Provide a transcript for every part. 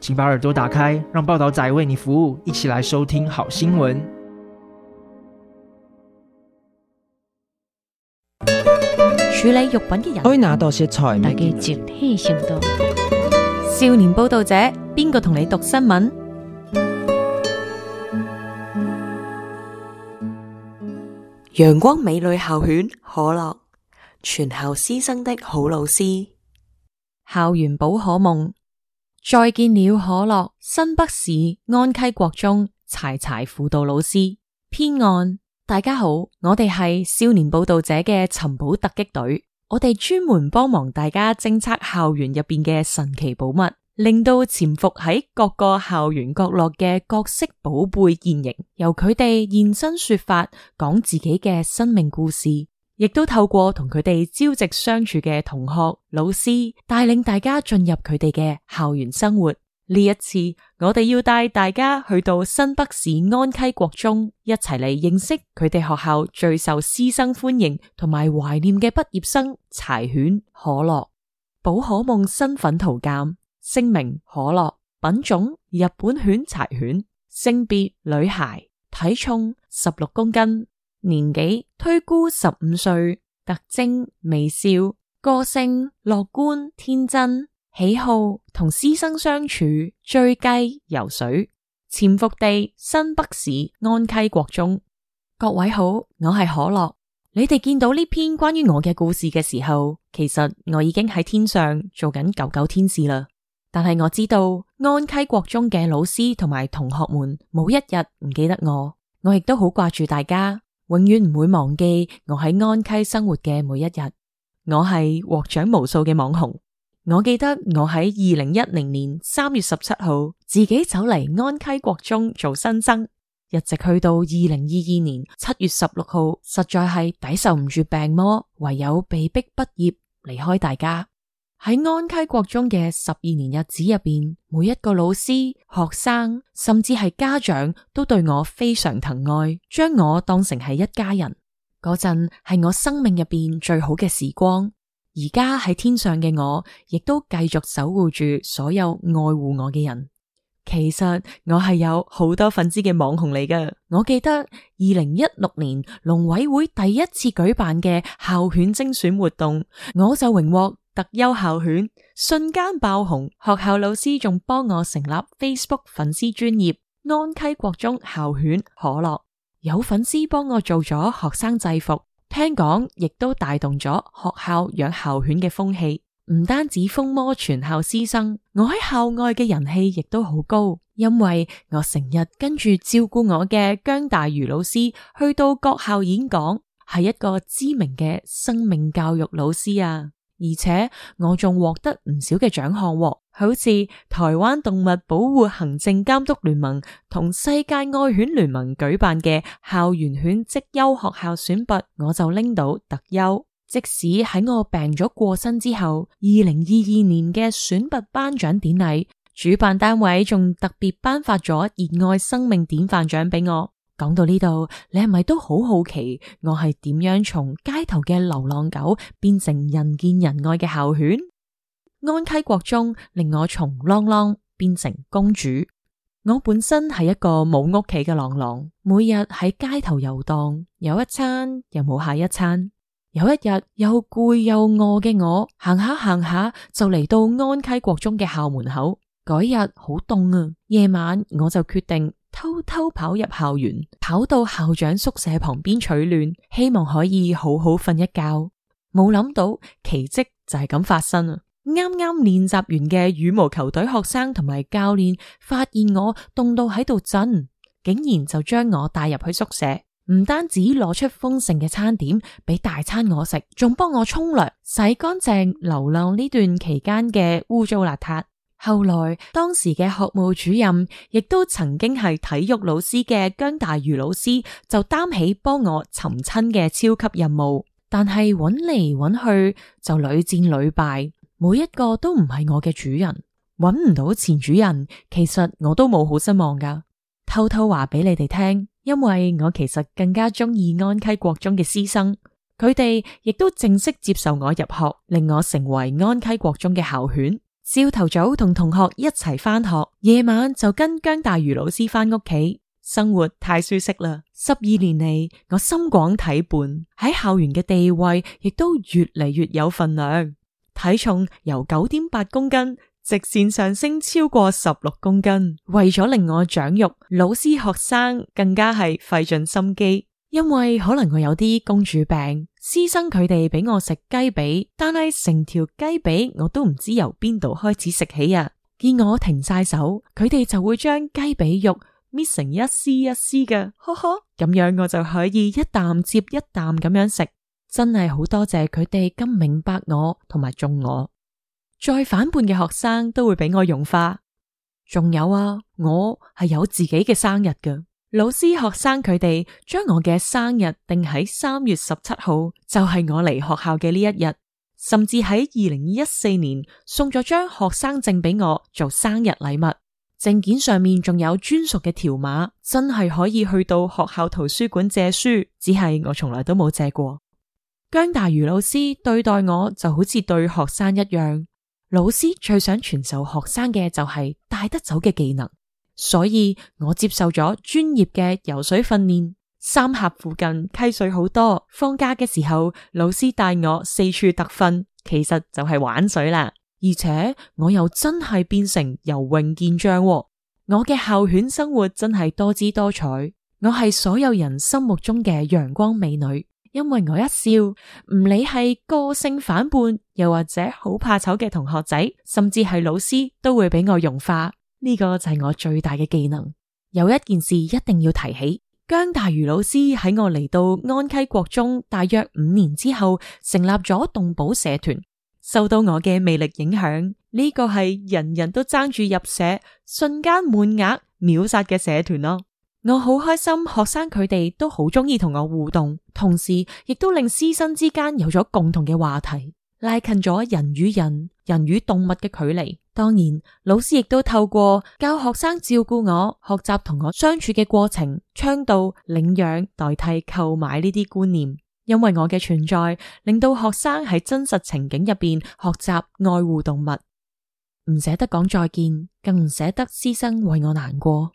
請把耳朵打開，讓報道仔為你服務，一起來收聽好新聞。 處理肉品嘅人開那道食材嘅絕殺行動。少年報道者，邊個同你讀新聞？陽光美女校犬可樂，全校師生的好老師，校園寶可夢。再見了，可樂，新北市安溪國中柴柴輔導老師編案。大家好，我哋係少年報道者嘅尋寶突擊隊，我哋專門幫忙大家偵測校園入邊嘅神奇寶物，令到潛伏喺各個校園角落嘅各色寶貝現形，由佢哋現身說法，講自己嘅生命故事。亦都透過同佢哋朝夕相處嘅同學、老師，帶領大家進入佢哋嘅校園生活。呢一次，我哋要帶大家去到新北市安溪國中，一齊嚟認識佢哋學校最受師生歡迎同埋懷念嘅畢業生柴犬可樂。寶可夢身份圖鑑，姓名可樂，品種日本犬柴犬，性別女孩，體重十六公斤。年紀推估十五歲，特徵微笑，個性樂觀天真，喜好同師生相處，追雞游水。潛伏地新北市安溪國中。各位好，我係可樂。你哋見到呢篇關於我嘅故事嘅時候，其實我已經喺天上做緊狗狗天使啦。但係我知道安溪國中嘅老師同埋同學們冇一日唔記得我，我亦都好掛住大家。永遠唔會忘記我喺安溪生活嘅每一日。我係獲獎無數嘅網紅。我記得我喺二零一零年三月十七號自己走嚟安溪國中做新生，一直去到二零二二年七月十六號，實在係抵受唔住病魔，唯有被逼畢業離開大家。喺安溪國中嘅十二年日子入邊，每一個老師、學生，甚至係家長，都對我非常疼愛，將我當成係一家人。嗰陣係我生命入邊最好嘅時光。而家喺天上嘅我，亦都繼續守護住所有愛護我嘅人。其實我係有好多粉絲嘅網紅嚟㗎。我記得二零一六年農委會第一次舉辦嘅校犬精選活動，我就榮獲。特優校犬瞬間爆紅，學校老師仲幫我成立 Facebook 粉絲專業安溪國中校犬可樂。有粉絲幫我做咗學生制服，聽講亦都帶動咗學校養校犬嘅風氣。唔單止風魔全校師生，我喺校外嘅人氣亦都好高，因為我成日跟住照顧我嘅姜大瑜老師去到各校演講，係一個知名嘅生命教育老師啊。而且我仲獲得唔少嘅獎項，好似台灣動物保護行政監督聯盟同世界愛犬聯盟舉辦嘅校園犬績優學校選拔，我就拎到特優。即使喺我病咗過身之後，二零二二年嘅選拔頒獎典禮，主辦單位仲特別頒發咗熱愛生命典範獎俾我。講到呢度，你係咪都好好奇我係點樣從街頭嘅流浪狗變成人見人愛嘅校犬？安溪國中令我從浪浪變成公主。我本身係一個冇屋企嘅浪浪，每日喺街頭遊蕩，有一餐又冇下一餐。有一日又攰又餓嘅我，行下行下就嚟到安溪國中嘅校門口。嗰日好凍啊，夜晚我就決定。偷偷跑入校園，跑到校長宿舍旁邊取暖，希望可以好好瞓一覺。冇諗到奇蹟就係咁發生啊！啱啱練習完嘅羽毛球隊學生同埋教練發現我凍到喺度震，竟然就將我帶入去宿舍。唔單止攞出豐盛嘅餐點俾大餐我食，仲幫我沖涼，洗乾淨流浪呢段期間嘅污糟邋遢。後來，當時嘅學務主任，亦都曾經係體育老師嘅姜大瑜老師，就擔起幫我尋親嘅超級任務。但係揾嚟揾去就屢戰屢敗，每一個都唔係我嘅主人，揾唔到前主人，其實我都冇好失望㗎。偷偷話俾你哋聽，因為我其實更加中意安溪國中嘅師生，佢哋亦都正式接受我入學，令我成為安溪國中嘅校犬。朝頭早同同學一齊返學，夜晚就跟姜大魚老師返屋企，生活太舒適啦。十二年嚟，我心廣體胖，喺校園嘅地位亦都越嚟越有份量。體重由九點八公斤直線上升超過十六公斤，為咗令我長肉，老師學生更加係費盡心機。因為可能我有啲公主病，師生佢哋俾我食雞髀，但係成條雞髀我都唔知由邊度開始食起啊！見我停晒手，佢哋就會將雞髀肉搣成一絲一絲嘅，呵呵，咁樣我就可以一啖接一啖咁樣食。真係好多謝佢哋咁明白我同埋縱我，再反叛嘅學生都會俾我融化。仲有啊，我係有自己嘅生日㗎。老師、學生佢哋將我嘅生日定喺三月十七號，就係我嚟學校嘅呢一日。甚至喺二零一四年送咗張學生證俾我做生日禮物，證件上面仲有專屬嘅條碼，真係可以去到學校圖書館借書。只係我從來都冇借過。姜大如老師對待我就好似對學生一樣，老師最想傳授學生嘅就係帶得走嘅技能。所以我接受咗專業嘅游水訓練。三峽附近溪水好多，放假嘅時候老師帶我四處特訓，其實就係玩水啦。而且我又真係變成游泳健將啊。我嘅校犬生活真係多姿多彩。我係所有人心目中嘅陽光美女，因為我一笑，唔理係個性反叛，又或者好怕醜嘅同學仔，甚至係老師都會俾我融化。呢個就係我最大嘅技能。有一件事一定要提起，薑大魚老師喺我嚟到安溪國中大約五年之後，成立咗動保社團。受到我嘅魅力影響，呢個係人人都爭住入社，瞬間滿額秒殺嘅社團咯。我好開心，學生佢哋都好鍾意同我互動，同時亦都令師生之間有咗共同嘅話題，拉近咗人與人、人與動物嘅距離。當然，老師亦都透過教學生照顧我、學習同我相處嘅過程，倡導領養代替購買呢啲觀念。因為我嘅存在，令到學生喺真實情景入面學習愛護動物，唔捨得講再見，更唔捨得師生為我難過。二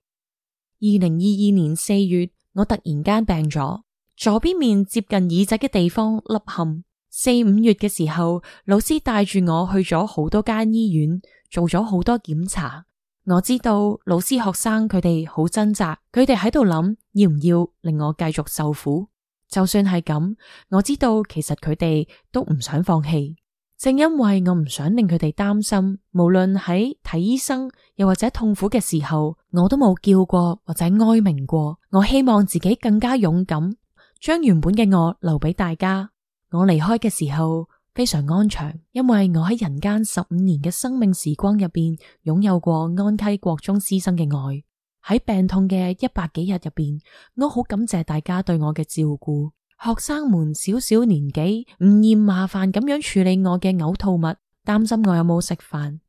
零二二年四月，我突然間病咗，左邊面接近耳仔嘅地方凹陷。四五月嘅時候，老師帶住我去咗好多間醫院。做咗好多檢查，我知道老師、學生佢哋好掙扎，佢哋喺度諗要唔要令我繼續受苦。就算係咁，我知道其實佢哋都唔想放棄。正因為我唔想令佢哋擔心，無論喺睇醫生又或者痛苦嘅時候，我都冇叫過或者哀鳴過。我希望自己更加勇敢，將原本嘅我留俾大家。我離開嘅時候，非常安詳，因為我喺人間十五年嘅生命時光入邊，擁有過安溪國中師生嘅愛。喺病痛嘅一百幾日入邊，我好感謝大家對我嘅照顧。學生們小小年紀唔嫌麻煩咁樣處理我嘅嘔吐物，擔心我有冇食飯，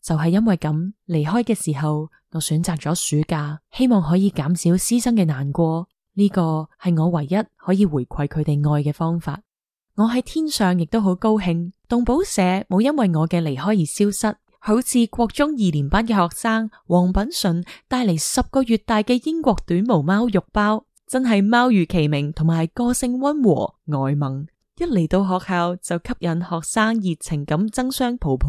就係因為咁，離開嘅時候，我選擇咗暑假，希望可以減少師生嘅難過。呢個係我唯一可以回饋佢哋愛嘅方法。我喺天上亦都好高興，動保社冇因為我嘅離開而消失。好似國中二年班嘅學生黃品純帶嚟十個月大嘅英國短毛貓肉包，真係貓如其名，同埋個性温和呆萌。一嚟到學校就吸引學生熱情咁爭相抱抱。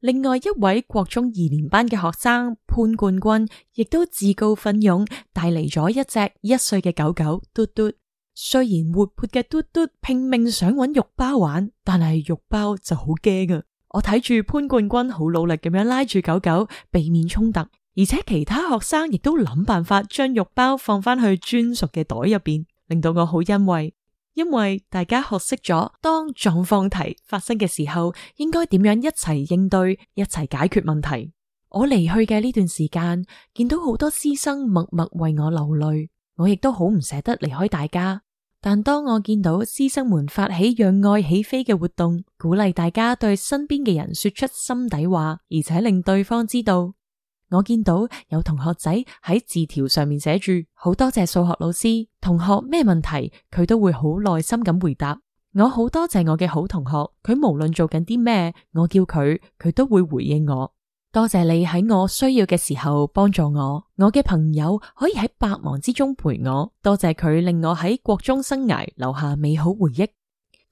另外一位國中二年班嘅學生潘冠軍亦都自告奮勇帶嚟咗一隻一歲嘅狗狗嘟嘟。雖然活潑嘅嘟嘟拼命想搵肉包玩，但係肉包就好驚㗎！我睇住潘冠軍好努力咁樣拉住狗狗，避免衝突，而且其他學生亦都諗辦法將肉包放翻去專屬嘅袋入邊，令到我好欣慰，因為大家學識咗當狀況題發生嘅時候，應該點樣一齊應對、一齊解決問題。我離去嘅呢段時間，見到好多師生默默為我流淚，我亦都好唔捨得離開大家。但當我見到師生們發起讓愛起飛嘅活動，鼓勵大家對身邊嘅人說出心底話，而且令對方知道，我見到有同學仔喺字條上面寫住好多謝數學老師，同學咩問題佢都會好耐心咁回答。我好多謝我嘅好同學，佢無論做緊啲咩，我叫佢，佢都會回應我。多謝你喺我需要嘅時候幫助我，我嘅朋友可以喺百忙之中陪我，多謝佢令我喺國中生涯留下美好回憶。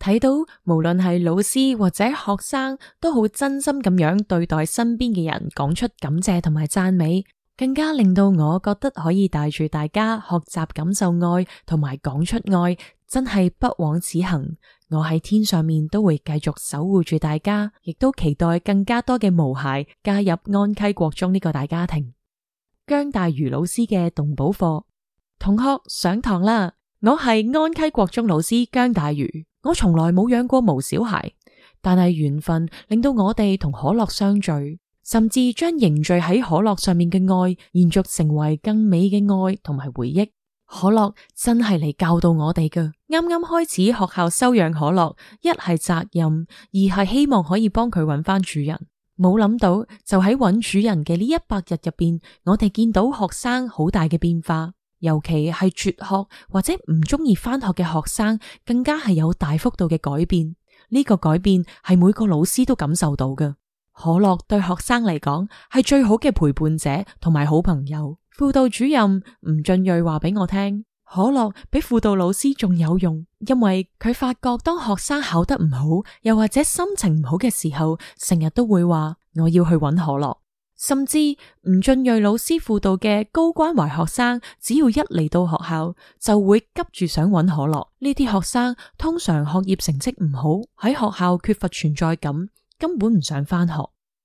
睇到無論係老師或者學生都好真心咁樣對待身邊嘅人，講出感謝同埋讚美，更加令到我覺得可以帶住大家學習感受愛同埋講出愛，真係不枉此行。我喺天上面都會繼續守護住大家，亦都期待更加多嘅毛孩加入安溪國中呢個大家庭。姜大余老師嘅動保課，同學上堂啦！我係安溪國中老師姜大余，我從來冇養過毛小孩，但係緣分令到我哋同可樂相聚，甚至將凝聚喺可樂上面嘅愛延續成為更美嘅愛同埋回憶。可樂真係嚟教導我哋噶。啱啱開始學校收養可樂，一係責任，二係希望可以幫佢揾翻主人。冇諗到就喺揾主人嘅呢一百日入邊，我哋見到學生好大嘅變化，尤其係輟學或者唔中意翻學嘅學生，更加係有大幅度嘅改變。呢個改變係每個老師都感受到噶。可樂對學生嚟講係最好嘅陪伴者同埋好朋友。輔導主任吳俊睿話俾我聽，可樂比輔導老師仲有用，因為佢發覺當學生考得唔好，又或者心情唔好嘅時候，成日都會話我要去搵可樂。甚至吳俊睿老師輔導嘅高關懷學生，只要一嚟到學校，就會急住想搵可樂。呢啲學生通常學業成績唔好，喺學校缺乏存在感，根本唔想返學。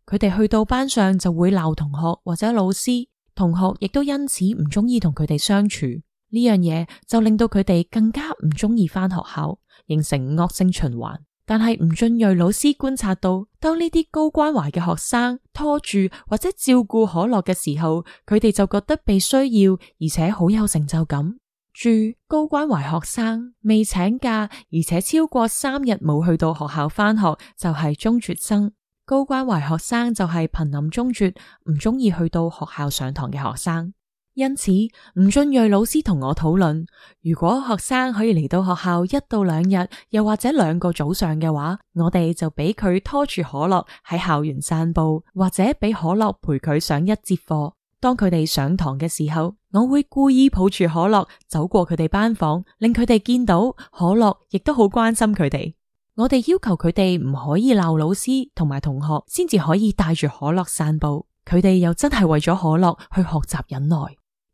佢哋去到班上就會鬧同學或者老師。同學亦都因此唔鍾意同佢哋相處，呢樣嘢就令到佢哋更加唔鍾意返學校，形成惡性循環。但係吳俊睿老師觀察到，當呢啲高關懷嘅學生拖住或者照顧可樂嘅時候，佢哋就覺得被需要，而且好有成就感。註：高關懷學生未請假而且超過三日冇去到學校返學，就係中輟生。高關懷學生就係瀕臨中輟，唔中意去到學校上堂嘅學生。因此，吳俊瑞老師同我討論，如果學生可以嚟到學校一到兩日，又或者兩個早上嘅話，我哋就俾佢拖住可樂喺校園散步，或者俾可樂陪佢上一節課。當佢哋上堂嘅時候，我會故意抱住可樂走過佢哋班房，令佢哋見到可樂亦都好關心佢哋。我哋要求佢哋唔可以鬧老師同埋同學，先至可以帶住可樂散步。佢哋又真係為咗可樂去學習忍耐。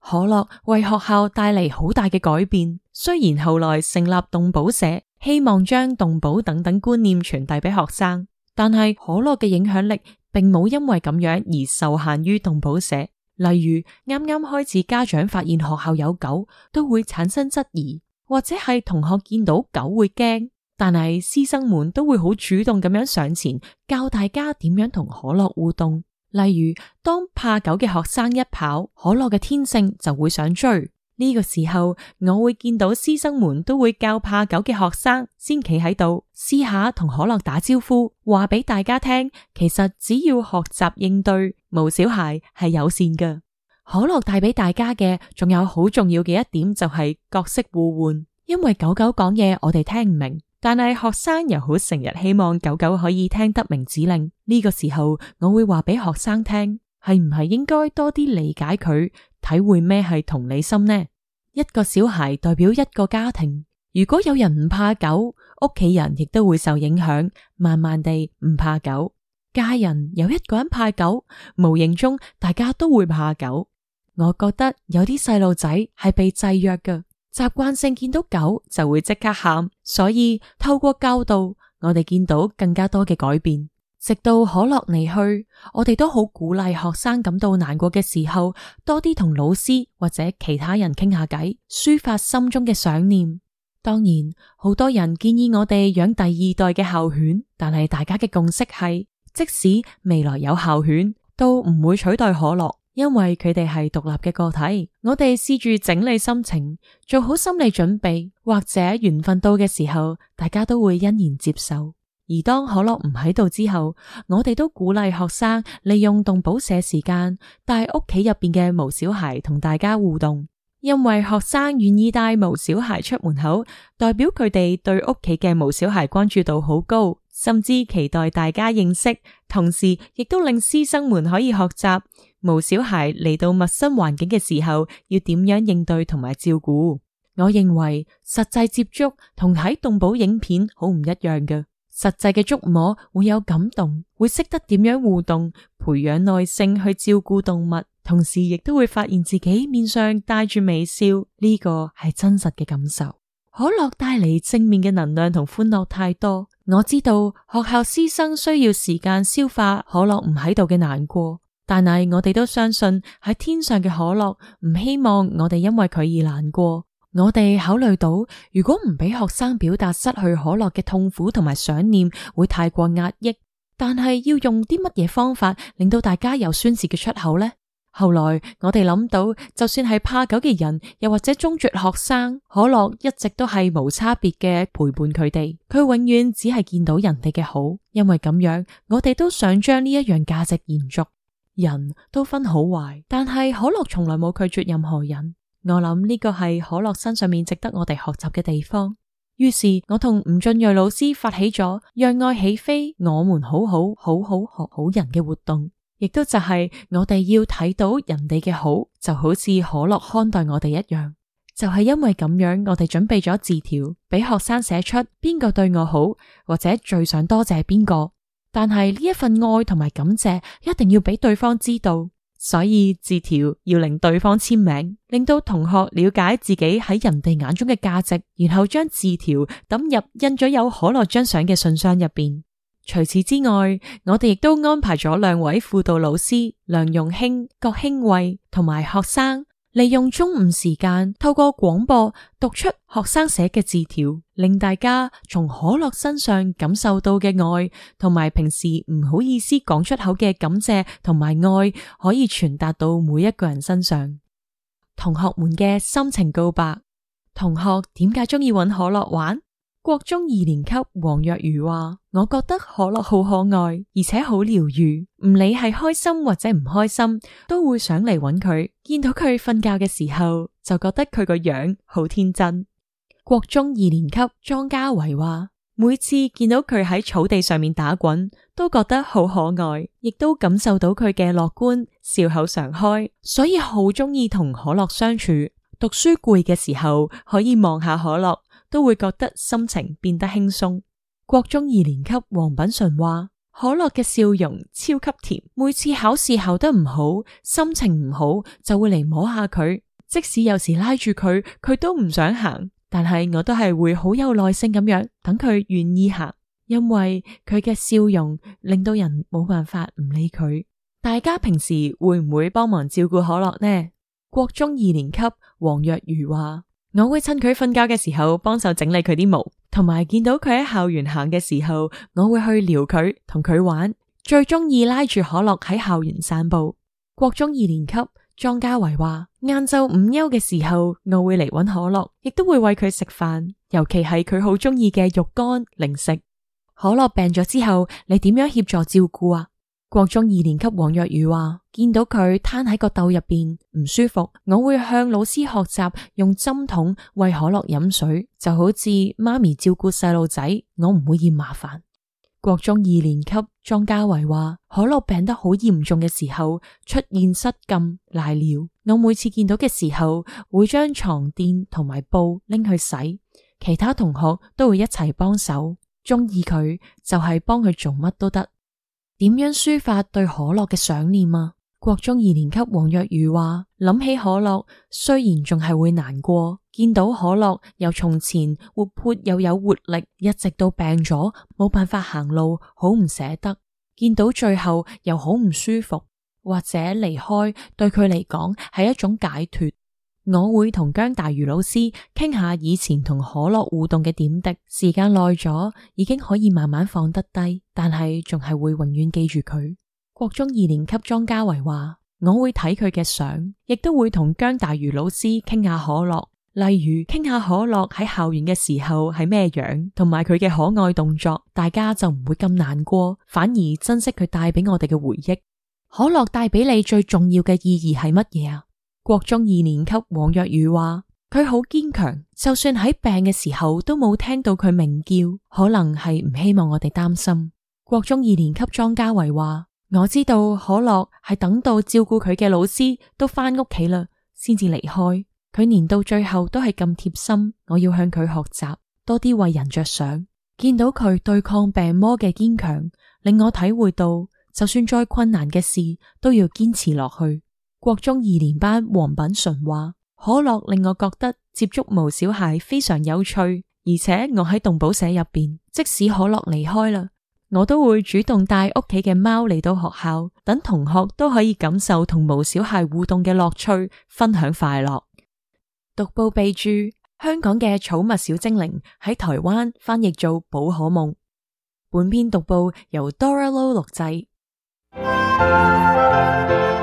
可樂為學校帶嚟好大嘅改變。雖然後來成立動保社，希望將動保等等觀念傳遞俾學生，但係可樂嘅影響力並冇因為咁樣而受限於動保社。例如啱啱開始，家長發現學校有狗都會產生質疑，或者係同學見到狗會驚。但係，師生們都會好主動咁樣上前教大家點樣同可樂互動。例如，當怕狗嘅學生一跑，可樂嘅天性就會想追。呢個時候，我會見到師生們都會教怕狗嘅學生先企喺度，私下同可樂打招呼，話俾大家聽。其實只要學習應對，毛小孩係友善㗎。可樂帶俾大家嘅仲有好重要嘅一點就係角色互換，因為狗狗講嘢我哋聽唔明。但係學生又好，成日希望狗狗可以聽得明指令。呢個時候我會話俾學生聽，係唔係應該多啲理解佢，體會咩係同理心呢？一個小孩代表一個家庭，如果有人唔怕狗，屋企人亦都會受影響。慢慢地唔怕狗，家人有一個人怕狗，無形中大家都會怕狗。我覺得有啲細路仔係被制約嘅。習慣性見到狗就會即刻喊，所以透過教導，我哋見到更加多嘅改變。直到可樂離去，我哋都好鼓勵學生感到難過嘅時候，多啲同老師或者其他人傾下偈，抒發心中嘅想念。當然，好多人建議我哋養第二代嘅校犬，但係大家嘅共識係，即使未來有校犬，都唔會取代可樂。因為佢哋係獨立嘅個體，我哋試住整理心情，做好心理準備，或者緣分到嘅時候，大家都會欣然接受。而當可樂唔喺度之後，我哋都鼓勵學生利用動保社時間帶屋企入邊嘅毛小孩同大家互動，因為學生願意帶毛小孩出門口，代表佢哋對屋企嘅毛小孩關注度好高。甚至期待大家認識，同時亦都令師生們可以學習，毛小孩嚟到陌生環境嘅時候，要點樣應對同埋照顧。我認為實際接觸同睇動保影片好唔一樣嘅，實際嘅觸摸會有感動，會識得點樣互動，培養耐性去照顧動物，同時亦都會發現自己面上帶住微笑，呢個係真實嘅感受。可樂帶嚟正面嘅能量同歡樂太多，我知道學校師生需要時間消化可樂唔喺度嘅難過，但係我哋都相信喺天上嘅可樂唔希望我哋因為佢而難過。我哋考慮到，如果唔俾學生表達失去可樂嘅痛苦同埋想念，會太過壓抑，但係要用啲乜嘢方法令到大家有宣洩嘅出口呢？後來我哋諗到，就算係怕狗嘅人，又或者中輟學生，可樂一直都係無差別嘅陪伴佢哋。佢永遠只係見到人哋嘅好，因為咁樣，我哋都想將呢一樣價值延續。人都分好壞，但係可樂從來冇拒絕任何人。我諗呢個係可樂身上面值得我哋學習嘅地方。於是，我同吳俊睿老師發起咗讓愛起飛，我們好好好，好好學好人嘅活動。亦都就係我哋要睇到人哋嘅好，就好似可樂看待我哋一樣。就係因為咁樣，我哋準備咗字條俾學生寫出邊個對我好，或者最想多謝邊個。但係呢一份愛同埋感謝一定要俾對方知道，所以字條要令對方簽名，令到同學了解自己喺人哋眼中嘅價值，然後將字條抌入印咗有可樂張相嘅信箱入邊。除此之外，我哋亦都安排咗兩位輔導老師梁容興、郭興慧同埋學生，利用中午時間透過廣播讀出學生寫嘅字條，令大家從可樂身上感受到嘅愛，同埋平時唔好意思講出口嘅感謝同埋愛，可以傳達到每一個人身上。同學們嘅心情告白，同學點解中意揾可樂玩？國中二年級黃若如話：我覺得可樂好可愛，而且好療癒，唔理係開心或者唔開心，都會上嚟揾佢。見到佢瞓覺嘅時候，就覺得佢個樣好天真。國中二年級莊嘉維話：每次見到佢喺草地上面打滾，都覺得好可愛，亦都感受到佢嘅樂觀、笑口常開，所以好鍾意同可樂相處。讀書攰嘅時候，可以望下可樂，都會覺得心情變得輕鬆。國中二年級黃品純話：可樂嘅笑容超級甜，每次考試考得唔好，心情唔好就會嚟摸下佢。即使有時拉住佢，佢都唔想行，但係我都係會好有耐性咁樣等佢願意行，因為佢嘅笑容令到人冇辦法唔理佢。大家平時會唔會幫忙照顧可樂呢？國中二年級黃若如話。我會趁佢瞓覺嘅時候幫手整理佢啲毛，同埋見到佢喺校園行嘅時候，我會去撩佢，同佢玩。最中意拉住可樂喺校園散步。國中二年級莊家維話：晏晝午休嘅時候，我會嚟搵可樂，亦都會餵佢食飯，尤其係佢好中意嘅肉乾零食。可樂病咗之後，你點樣協助照顧啊？國中二年級黃若雨話：見到佢攤喺個竇入邊唔舒服，我會向老師學習用針筒餵可樂飲水，就好似媽咪照顧細路仔，我唔會嫌麻煩。國中二年級莊家偉話：可樂病得好嚴重嘅時候出現失禁、瀨尿，我每次見到嘅時候會將床墊同埋布拎去洗，其他同學都會一齊幫手。鍾意佢就係、是、幫佢做乜都得。點樣抒發對可樂嘅想念啊？國中二年級王若如話，諗起可樂，雖然仲係會難過，見到可樂由從前活潑又有活力，一直都病咗，冇辦法行路，好唔捨得；見到最後又好唔舒服，或者離開對佢嚟講係一種解脫。我會同姜大如老師傾下以前同可樂互動嘅點滴，時間耐咗，已經可以慢慢放得低，但係仲係會永遠記住佢。國中二年級莊嘉維話：我會睇佢嘅相，亦都會同姜大如老師傾下可樂，例如傾下可樂喺校園嘅時候係咩樣，同埋佢嘅可愛動作，大家就唔會咁難過，反而珍惜佢帶畀我哋嘅回憶。可樂帶俾你最重要嘅意義係乜嘢啊？國中二年級王若宇話：佢好堅強，就算喺病嘅時候都冇聽到佢鳴叫，可能係唔希望我哋擔心。國中二年級莊家維話：我知道可樂係等到照顧佢嘅老師都翻屋企啦，先至離開。佢連到最後都係咁貼心，我要向佢學習，多啲為人着想。見到佢對抗病魔嘅堅強，令我體會到，就算再困難嘅事，都要堅持落去。國中二年班黃品純話，可樂令我覺得接觸毛小孩非常有趣，而且我喺動保社入邊，即使可樂離開啦，我都會主動帶屋企嘅貓嚟到學校，等同學都可以感受同毛小孩互動嘅樂趣，分享快樂。讀報備注：香港嘅寵物小精靈喺台灣翻譯做寶可夢。本篇讀報由 Dora Low 錄製。